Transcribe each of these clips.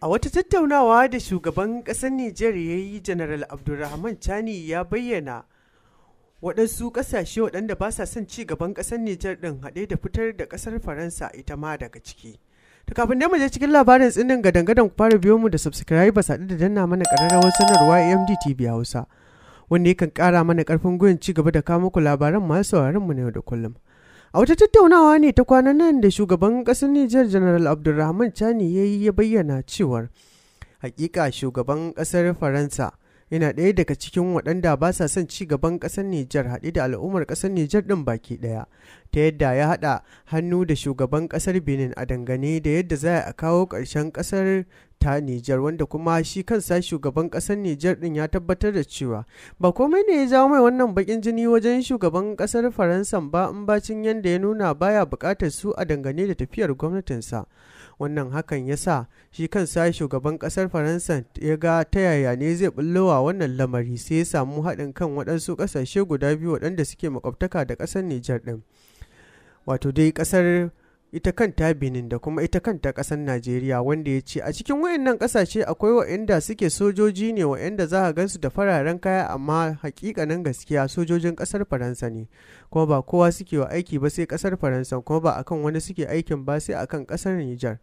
A wata tattaunawa da shugaban ƙasar Nijar ya yi Janaral abdulrahman Chani ya bayyana waɗansu ƙasashe waɗanda ba sa son ci gaban ƙasar Nijar ɗin haɗe da fitar da ƙasar Faransa ita ma daga ciki. To kafin mu je cikin labarin tsinin gadan-gadan ku fara biyo mu da subscribers haɗu da danna mana ƙararrawar sanarwa AMD TV Hausa. Wanda yakan ƙara mana ƙarfin gwiwar ci gaba da kawo muku labaran masu sauraron mu na yau da kullum. A wata tattaunawa ne ta kwanan nan da shugaban ƙasar Nijar General Abdulrahman Chani ya yi ya bayyana cewar hakika shugaban kasar Faransa yana ɗaya daga cikin waɗanda ba sa son ci gaban ƙasar Nijar haɗe da al'ummar ƙasar Nijar ɗin baki ɗaya ta yadda ya hada hannu da shugaban kasar benin a dangane da yadda za a kawo karshen kasar ta Nijar wanda kuma shi kansa shugaban kasar Nijar din ya tabbatar da cewa ba komai ne ya jawo mai wannan bakin jini wajen shugaban kasar faransa ba in bacin yadda ya nuna baya bukatar su a dangane da tafiyar gwamnatinsa. Wannan hakan ya sa shi kansa shugaban kasar Faransa ya ga ta yaya ne zai bullowa wannan lamari sai ya samu haɗin kan waɗansu kasashe guda biyu waɗanda suke makwabtaka da kasar Nijar din. wato dai kasar ita kanta benin da kuma ita kanta kasar najeriya wanda ya ce a cikin wayannan kasashe akwai wa'anda suke sojoji ne wa'anda za a gansu da fararen kaya amma hakikanin gaskiya sojojin kasar faransa ne kuma ba kowa suke wa aiki ba sai kasar faransa kuma ba akan wani suke aikin ba sai akan kasar nijar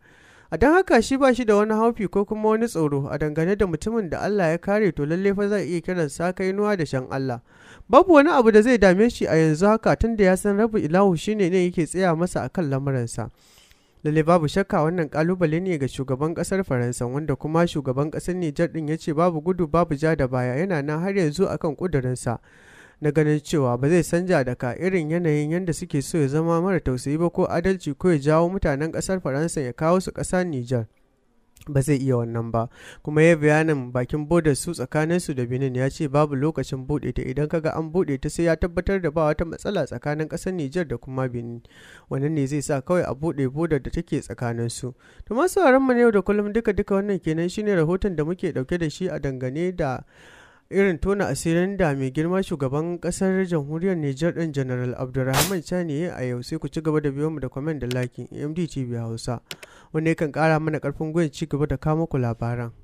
a don haka shi ba shi da wani haufi ko kuma wani tsoro a dangane da mutumin da Allah ya kare to lalle fa zai iya kiran sa kai nuwa da shan Allah babu wani abu da zai dame shi a yanzu haka tunda ya san rabu ilahu shine ne yake tsaya masa akan sa lalle babu shakka wannan kalubale ne ga shugaban kasar faransa wanda kuma shugaban kasar nijar din ya ce babu gudu babu ja da baya yana nan har yanzu akan kudurinsa na ganin cewa ba zai canja ka irin yanayin yadda suke so ya zama mara tausayi ba ko adalci ko ya jawo mutanen ƙasar faransa ya kawo su ƙasar nijar ba zai iya wannan ba kuma ya bayanin bakin bodar su tsakanin su da benin ya ce babu lokacin bude ta idan kaga an bude ta sai ya tabbatar da ba wata matsala tsakanin kasar niger da kuma benin wannan ne zai sa kawai a bude bodar da take tsakanin su to masu mu na yau da kullum duka duka wannan kenan shine rahoton da muke dauke da shi a dangane da irin tona asirin da mai girma shugaban kasar jamhuriyar Nijar ɗin General Abdulrahman Chani a yau sai ku ci gaba da biyo mu da kwamen da lakin MDTV Hausa wanda yakan kara mana karfin gwiwa ci gaba da kama ku labaran.